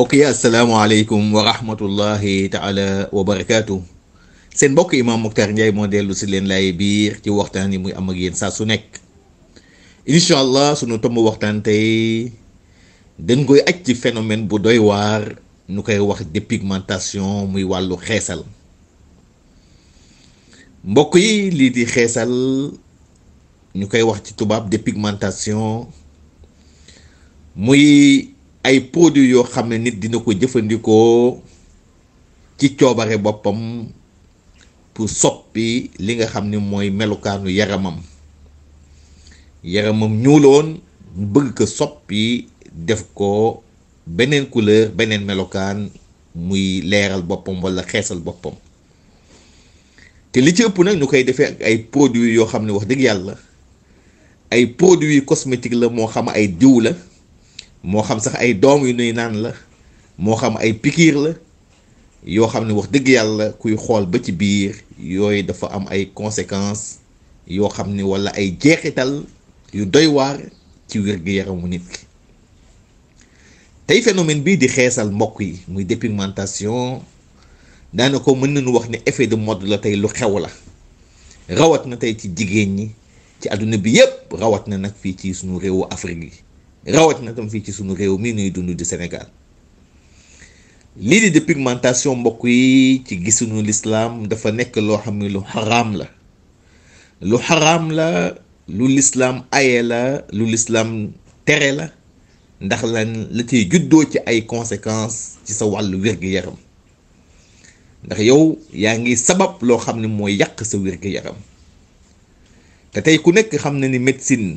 bokk yi asalaamaaleykum wa rahmatullahi taala wa seen mbokk Imam Moctar Ndiaye moo dellu si leen laay biir ci waxtaan yi muy am ak yéen saa su nekk incha allah sunu tomb waxtaan tey dañ koy aj ci phénomène bu doy waar ñu koy wax dépigmentation muy wàllu xeesal mbokk yi lii di xeesal ñu koy wax ci tubaab dépigmentation muy ay produits yoo xam ne nit dina ko jëfandikoo ci coobare boppam pour soppi li nga xam ne mooy melokaanu yaramam yaramam ñuuloon ñu bëgg ko soppi def ko beneen couleur beneen melokaan muy leeral boppam walla xeesal boppam te li ci ëpp nag ñu koy defee ak ay produits yoo xam ne wax dëgg yàlla ay produits cosmétiques la moo xam ay diw la. mo xam sax ay doom yu nuy naan la moo xam ay pikir la yoo xam ne wax dëgg yàlla kuy xool ba ci biir yooyu dafa am ay conséquences yoo xam ni wala ay jeexital yu doy waar ci wér-gu-yaramu nit ki tey phénomène bii di xeesal mbokk yi muy dépigmentation daana ko mën nañu wax ne effet de mode la tey lu xew la rawat na tey ci jigéen ñi ci àdduna bi yépp rawat na nag fii ci suñu réewu Afrique yi rawat na tam fii ci sunu réew mi nuy dund di Sénégal lii di de pigmentation mbokk yi ci gisuñu lislaam dafa nekk loo xam ne lu xaraam la lu xaraam la lu lislaam aye la lu lislaam tere la ndax la la ciy juddoo ci ay conséquence ci sa wàllu wér yaram ndax yow yaa ngi sabab loo xam ne mooy yàq sa wér yaram te tey ku nekk xam na ni médecine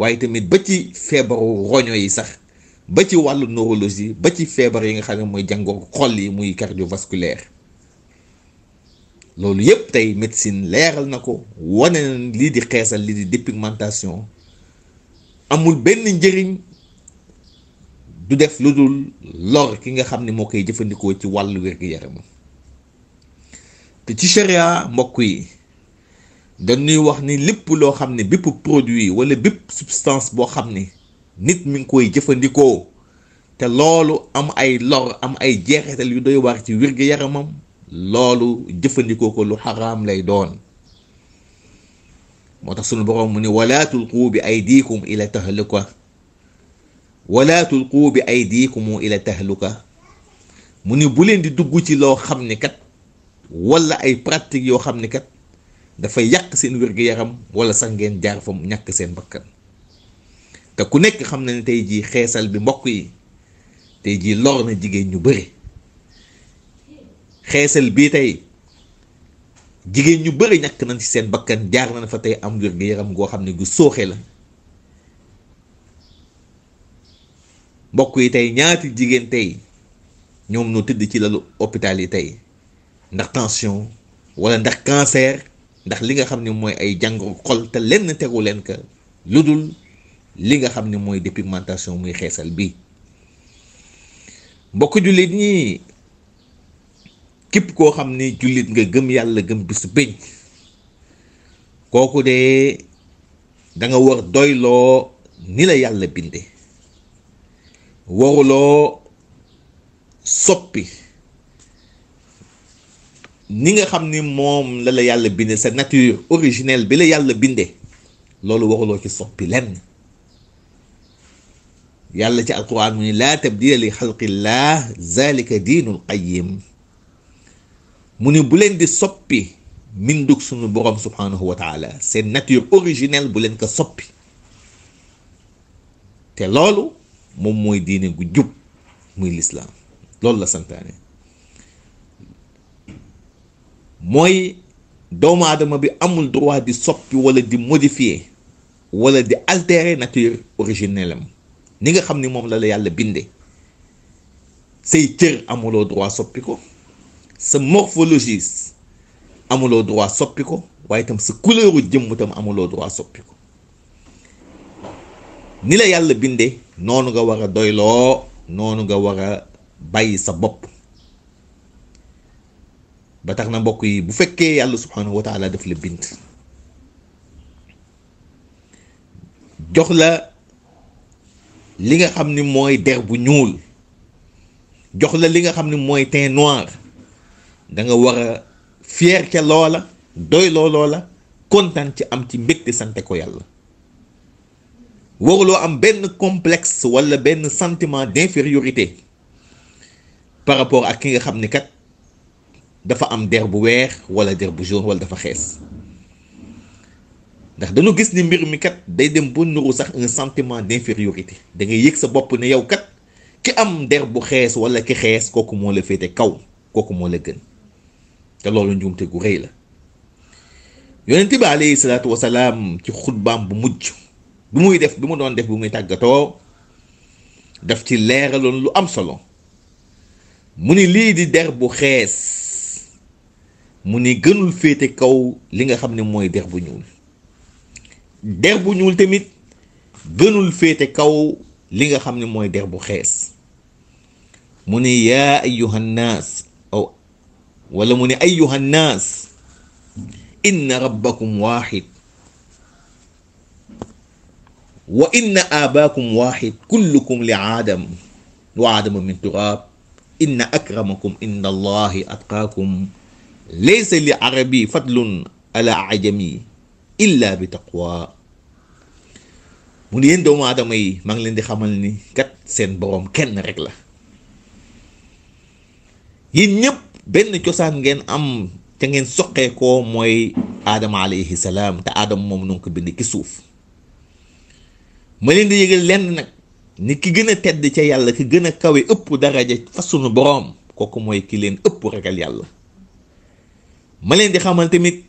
waaye tamit ba ci feebaru roño yi sax ba ci wàllu neurologie ba ci feebar yi nga xam ne mooy jàngoo xol yi muy cardiovasculaire loolu yépp tey médecine leeral na ko wane lii di xeesal lii di dépigmentation amul benn njëriñ du def lu dul lor ki nga xam ne moo koy jëfandikoo ci wàllu wér-gu-yaram te ci sharia mbokk yi nuy wax ni lépp loo xam ne bépp produit wala bépp substance boo xam ne nit mu ngi koy jëfandikoo te loolu am ay lor am ay jeexital yu doy waar ci wér-gu-yaramam loolu jëfandikoo ko lu xaraam lay doon moo tax suñu borom mu ne wala tulqu bi aydikum ila tahluka wala tulqu bi aydikum ila tahluka mu ne bu leen di dugg ci loo xam ne kat wala ay pratique yoo xam ne kat dafay yàq seen wér-gu-yaram wala sax ngeen jaar fa ñàkk seen bakkan te ku nekk xam na ne tey jii xeesal bi mbokk yi tey jii lor na jigéen ñu bari xeesal bii tey jigéen ñu bëri ñàkk nañ ci seen bakkan jaar na fa tey am wér-gu-yaram goo xam ne gu sooxe la mbokk yi tey ñaati jigéen tey ñoom noo tëdd ci lalu hôpital yi tey ndax tension wala ndax cancer ndax li nga xam ne mooy ay jàngoro xol te lenn tegu leen ka lu dul li nga xam ni mooy dépigmentation muy xeesal bi mbokk jullit ñi képp koo xam ni jullit nga gëm yàlla gëm bis bëñ kooku de danga war doyloo ni la yàlla binde waruloo soppi ni nga xamni mom la la yàlla binde sa nature originelle bi la yàlla binde loolu waruloo ci soppi len yàlla ci alquran mu ni la tabdila li xalqillah zalika dinul qayyim mu ni bu len di soppi min duk sunu borom subhanahu wa taala sen nature originelle bu len ko soppi te loolu mom moy diine gu djub muy l'islam loolu la santane mooy doomu aadama bi amul droit di soppi wala di modifier wala di altérer nature originelle am ni nga xam ni moom la la yàlla bindee say cër amuloo droit soppi ko sa morphologie amuloo droit soppi ko waaye itam sa couleuru jëmm tam amuloo droit soppi ko ni la yàlla binde noonu nga war a doyloo noonu nga war a bàyyi sa bopp ba tax na mbokk yi bu fekkee yàlla subhanahu wa taala def la bint jox la li nga xam ni mooy der bu ñuul jox la li nga xam ni mooy teint noir da nga war a fier ca loola doy loo loola kontaan ci am ci mbégte sante ko yàlla waruloo am benn complexe wala benn sentiment d'infériorité par rapport ak ki nga xam ni kat dafa am der bu weex wala der bu jaune walla dafa xees ndax dañu gis ni mbir mi kat day dem ba nuru sax un sentiment d'infériorité da ngay yëg sa bopp ne yow kat ki am der bu xees wala ki xees kooku moo la féete kaw kooku moo la gën te loolu njuumte gu rëy la yonent bi alayhi salaatu wasalaam ci xutbaam bu mujj bu muy def bi ma doon def bu muy tàggatoo daf ci leeraloon lu am solo mu ni lii di der bu xees mu ne gënul fété kaw li nga xamné moy der bu ñuul der bu ñuul tamit gënul fété kaw li nga xamné moy der bu xees mu ne ya ayyuha nnas aw wala mu ne ayyuha nnas inna rabbakum wahid wa inna abaakum wahid kullukum li adam wa adam min turab inna akramakum inda allahi atqaakum laysa li arabi fadlun ala ajami illa bi taqwa mu ne yéen doomu aadama yi maa ngi leen di xamal ni kat seen boroom kenn rek la yéen ñëpp benn cosaan ngeen am te ngeen soqee ko mooy aadama alayhi te aadama moom nu ko bind ki suuf ma leen di yëgal lenn nag ni ki gën a tedd ca yàlla ki gën a kawe ëpp daraja fa sunu boroom kooku mooy ki leen ëpp ragal yàlla ma leen di xamal tamit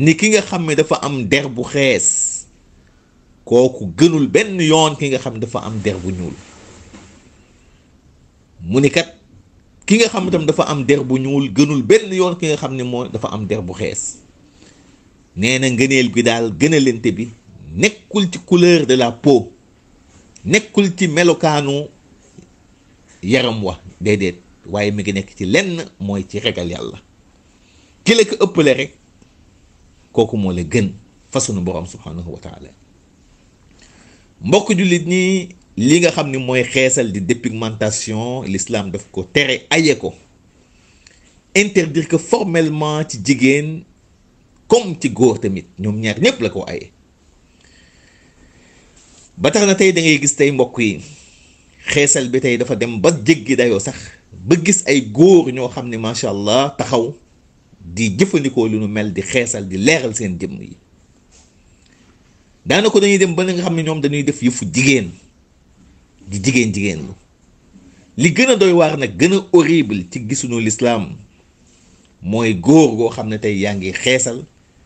ni ki nga xam ne dafa am der bu xees kooku gënul benn yoon ki nga xam ne dafa am der bu ñuul mu ni kat ki nga xam tam dafa am der bu ñuul gënul benn yoon ki nga xam ne moo dafa am der bu xees nee na ngëneel bi daal gënalente bi nekkul ci couleur de la peau nekkul ci melokaanu yaram wa déedéet waaye mi ngi nekk ci lenn mooy ci ragal yàlla ki la ko ëppale rek kooku moo la gën fa sunu borom subhanahu wa taala mbokk jullit ñi li nga xam ni mooy xeesal di dépigmentation l'islam daf ko tere aye ko interdire que formellement ci jigéen comme ci góor tamit ñoom ñaar ñëpp la ko aye ba tax na tey da ngay gis tey mbokk yi xeesal bi tey dafa dem ba jéggi dayoo sax ba gis ay góor ñoo xam ne macha allah taxaw di jëfandikoo lu nu mel di xeesal di leeral seen jëmm yi daanako dañuy dem ba nga xam ne ñoom dañuy def yëfu jigéen di jigéen jigéen lu li gën a doy waar nag gën a horrible ci gisuñu lislaam mooy góor goo xam ne tey yaa ngi xeesal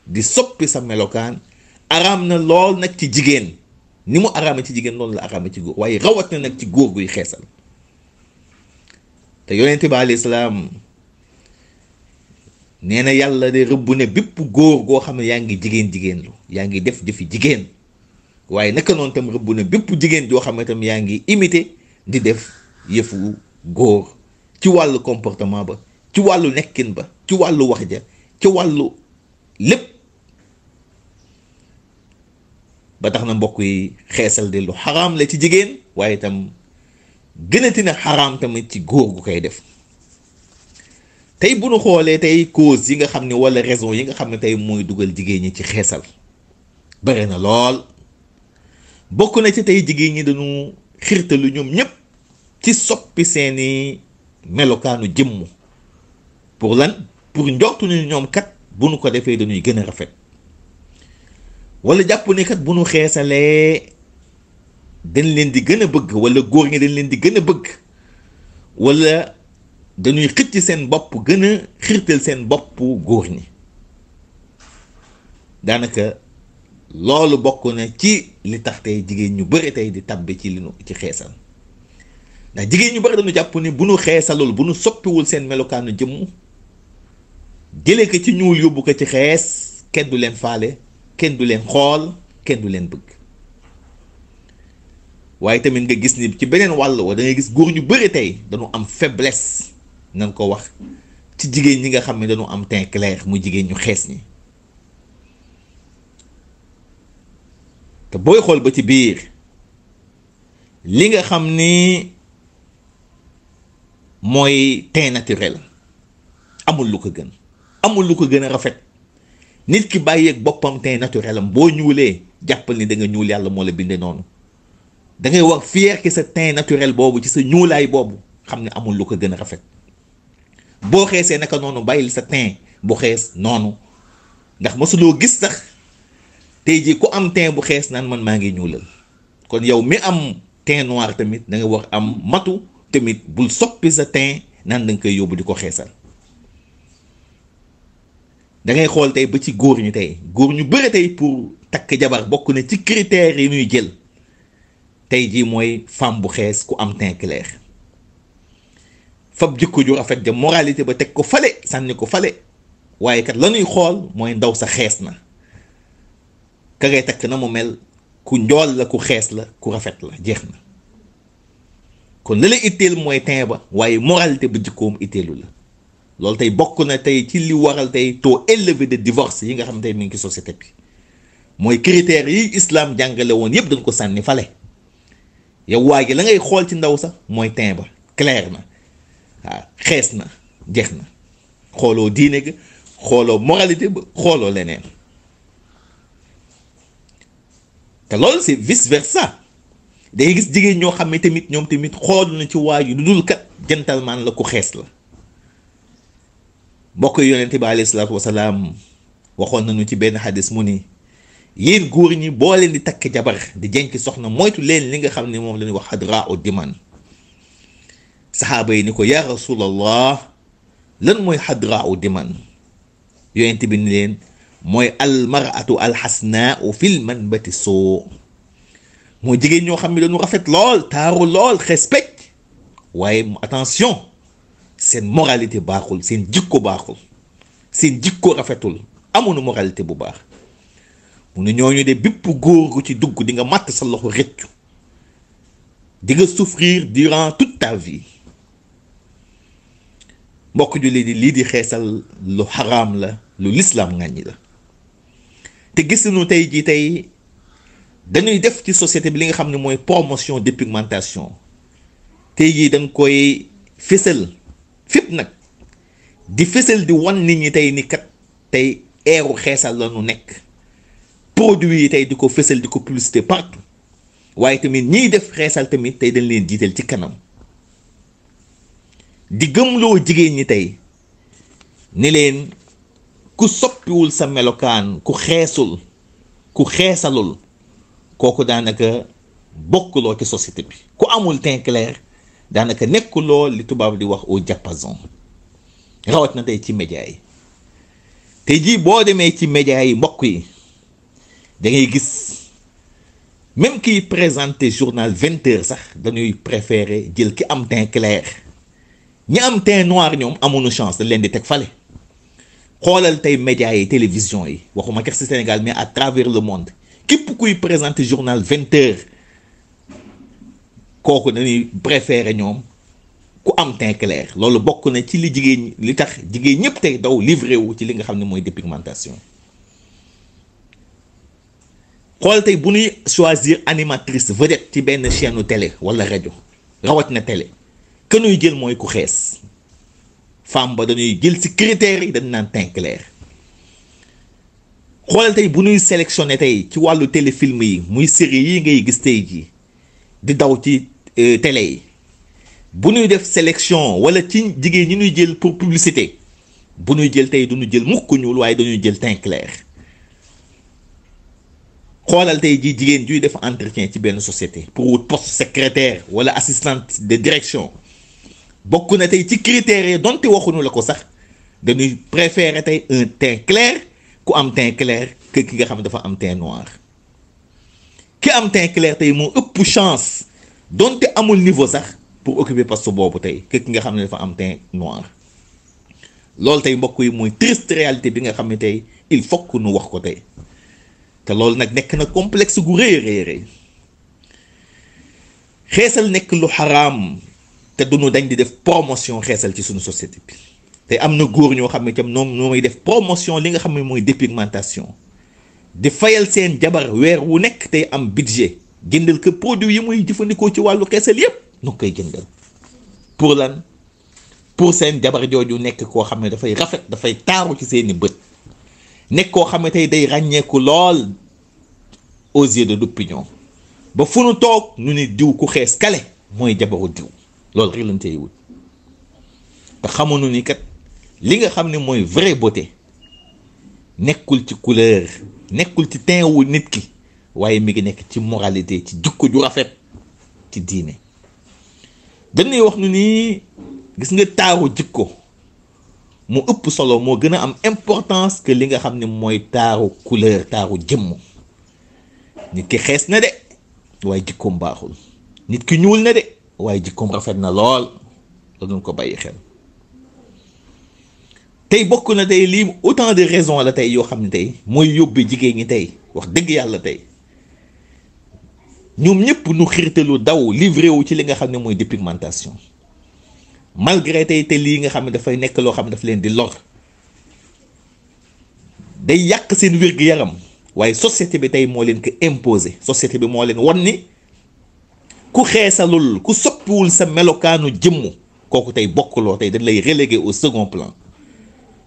di soppi sa melokaan araam na lool nag ci jigéen ni mu araame ci jigéen noonu la araame ci góor waaye rawat na nag ci góor guy xeesal te yonente bi alayhi salaam nee na yàlla de rëbb ne bépp góor goo xam ne yaa ngi jigéen jigéen lu yaa ngi def jëfi jigéen waaye naka noonu tam rëbb ne bépp jigéen joo xam ne tam yaa ngi imité di def yëfu góor ci wàllu comportement ba ci wàllu nekkin ba ci wàllu wax ja ci wàllu lépp ba tax na mbokk yi xeesal di lu xaraam la ci jigéen waaye itam gënati na xaraam tamit ci góor gu koy def tey bu nu xoolee tey cause yi nga xam ne wala raison yi nga xam ne tey mooy dugal jigéen ñi ci xeesal bëri na lool bokk na ci tey jigéen ñi dañu xirtalu ñoom ñëpp ci soppi seeni melokaanu jëmm pour lan pour njortu ni ñoom kat bu nu ko defee dañuy gën a rafet wala jàpp ne kat bu nu xeesalee dañ leen di gën a bëgg wala góor ñi dañ leen di gën a bëgg wala. dañuy xëcc seen bopp gën a xiirtal seen bopp góor ni daanaka loolu bokk na ci li tax tey jigéen ñu bari tey di tabbi ci li nu ci xeesal ndax jigéen ñu bëri dañu jàpp ni bu nu xeesalul bu nu soppiwul seen melokaanu jëmm jële ko ci ñuul yóbbu ko ci xees kenn du leen faale kenn du leen xool kenn du leen bëgg waaye tamit nga gis ni ci beneen wàll wa da gis góor ñu bari tey dañu am faiblesse na ko wax ci jigéen ñi nga xam ne dañu am teint clair mu jigéen ñu xees ñi te booy xool ba ci biir li nga xam ni mooy teint naturel amul lu ko gën amul lu ko gën a rafet nit ki bàyyeeg boppam teint naturel am boo ñuulee jàppal ni da nga ñuul yàlla moo la bindee noonu da wax fier ki sa teint naturel boobu ci sa ñuulaay boobu xam ne amul lu ko gën a rafet boo xeesee naka noonu bàyyil sa teint bu xees noonu ndax mosuloo gis sax tey jii ku am teint bu xees naan man maa ngi ñuulal kon yow mi am teint noir tamit da nga wax am matu tamit bul soppi sa tein nan da koy yóbbu di ko xeesal da ngay xool tey ba ci góor ñu tey góor ñu bëri tey pour takk jabar bokk na ci critères yi ñuy jël tey jii mooy femme bu xees ku am tein clair. fab jikko ju rafet de moralité ba tek ko fale sànni ko fale waye kat lanuy xol moy ndaw sa xéss na ka ngay tak na mu mel ku ndol la ku xéss la ku rafet la jeex na kon la la itteel mooy teint ba waye moralité ba jikkoom itelu la lol tay bokku na tay ci li waral tay to élevé de divorce yi nga xam tay mi ngi société bi moy critère yi islam jàngale won yeb dañ ko sànni fale yow waa la ngay xol ci ndaw sa moy tin ba clair na waaw ah, xees na jeex na xooloo diine ga xooloo moralité ba xooloo leneen te loolu c'est vice versa day gis jigéen ñoo xam ne tamit ñoom tamit xool na ci waaju lu dul kat gentleman la ku xees la mbokk yonente bi alayhi salaatu wasalaam waxoon nañu ci benn xadis mu ni yéen góor ñi boo leen di takk jabar di jenc soxna moytu leen li nga xam ne moom la ñuy wax xadra o diman saxaaba yi ni ko yaa rasulallah lan mooy xadraa u diman yonent bi ni leen mooy almaratu alxasnaa u fil manbati soo moo jigéen ñoo xam ne dañu rafet lool taaru lool respect waaye attention seen moralité baaxul seen jikko baaxul seen jikko rafetul amuñu moralité bu baax mu ne ñooñu de bépp góor ci dugg di nga màtt sa loxo rëccu di nga souffrir durant mbokk jullit di lii di xeesal lu xaraam la lu lislaam ŋàññi la te gis nañu tey jii tey dañuy def ci société bi li nga xam ne mooy promotion de pigmentation tey jii da koy fësal fépp nag di fësal di wan nit ñi tey ni kat tey eeru xeesal la ñu nekk produit yi tey di ko fësal di ko publicité partout waaye tamit ñiy def xeesal tamit tey dañ leen jiital ci kanam di gëmloo jigéen ñi tey ni leen ku soppiwul sa melokaan ku xeesul ku xeesalul kooku daanaka bokkuloo ci société bi ku amul teint clair daanaka nekkuloo li tubaab di wax au diapason rawat na tey ci média yi te jii boo demee ci média yi mbokk yi da ngay gis même kiy présenté journal vingt sax dañuy préférer jël ki am teint clair ñi am teint noir ñoom amuñu chance dañ leen di teg fale xoolal tey médias yi télévision yi waxuma kex si Sénégal mais à travers le monde képp kuy présenter journal 20h heures kooku dañuy préféré ñoom ku am teint clair loolu bokk na ci li jigéen li tax jigéen ñëpp tey daw livré wu ci li nga xam ne mooy dépigmentation xool tey bu choisir animatrice vedette ci benn chaîne télé wala rajo rawat na télé que nous jël moy ku xess femme ba dañuy jël ci critère dañ nan teint clair xoolal tay bu nuy sélectionner tay ci walu téléfilm yi muy série yi ngay gis tey di daw ci euh, télé yi bu nuy def sélection wala ci dige ñi ñuy jël pour publicité bu nuy jël tay du ñu jël mukk ñul waye dañuy jël teint clair xoolal tay ji jigéen juy def entretien ci ben société pour poste secrétaire wala assistante de direction bokk na tey ci critères yi donte waxuñu la ko sax dañuy préférer tey un teint clair ku am teint clair que ki nga xam ne dafa am teint noir ki am teint clair tey moo ëpp chance donte amul niveau sax pour occuper poste boobu tey que ki nga xam ne dafa am teint noir loolu tey mbokk yi mooy triste réalité bi nga xam ne tey il faut nu wax ko tey te loolu nag nekk na complexe gu rëy a rëy xeesal nekk lu xaraam. te duñu dañ di def promotion xeesal ci suñu société bi te am na góor ñoo xam ne tam ñoom ñooy def promotion li nga xam ne mooy dépigmentation di fayal seen jabar weer wu nekk tey am budget jëndal que produit yi muy jëfandikoo ci wàllu xeesal yépp ñu koy jëndal pour lan pour seen jabar jooju nekk koo xam ne dafay rafet dafay taaru ci seeni bët nekk koo xam ne tey day ràññeeku lool aux yeux de l'opinion ba fu nu toog ñu ni diw ku xees kale mooy jabaru diw loolu wut ni kat li nga xam ne vraie beauté nekkul ci couleur nekkul ci teint wu nit ki waaye mi ngi ci moralité ci jukko ju ci diine dañuy wax gis nga taaru solo am importance que li nga xam ne taaru couleur taaru jëmm nit ki na de waaye jikkoom nit waaye jikkoom rafet na lool la doon ko bàyyi xel tey bokk na tey lii autant de raisons la tey yoo xam ne tey mooy yóbbee jigéen ñi tey wax dëgg yàlla tey ñoom ñëpp nu xiirtalu daw livré wu ci li nga xam ne mooy dépigmentation malgré tey te lii nga xam ne dafay nekk loo xam ne daf leen di lor day yàq seen wér-gu-yaram waaye société bi tey moo leen ko imposé société bi moo leen won ni ku xeesalul ku soppiwul sa melokaanu jëmm kooku tey bokkuloo tey dañ lay relégué au second plan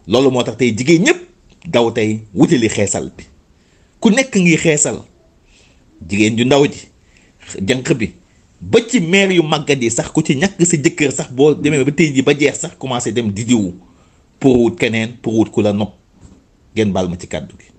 loolu moo tax tey jigéen ñëpp daw tey wutali xeesal bi ku nekk ngi xeesal jigéen ju ndaw ji jànq bi ba ci maire yu màggat yi sax ku ci ñàkk si jëkkër sax boo demee ba tey ji ba jeex sax commencé dem di diwu pour wut keneen pour wut ku la nopp ngeen baal ma ci kàddu gi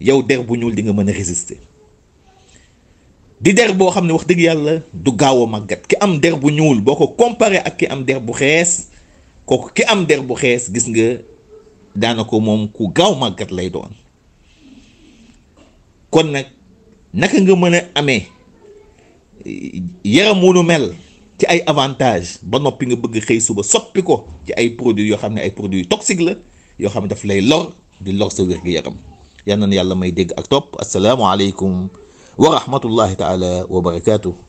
yow der bu ñuul di nga mën a résister di der boo xam ne wax dëgg yàlla du gaaw a màggat ki am der bu ñuul boo ko comparé ak ki am der bu xees kooku ki am der bu xees gis nga daanaka moom ku gaaw màggat lay doon kon nag naka nga mën a amee yaram wu nu mel ci ay avantage ba noppi nga bëgg xëy suba soppi ko ci ay produits yoo xam ne ay produits yu toxiques la yoo xam ne daf lay lor di lor sa wér-gu-yaram يانا يلا ما يديك اكتوب السلام عليكم ورحمة الله تعالى وبركاته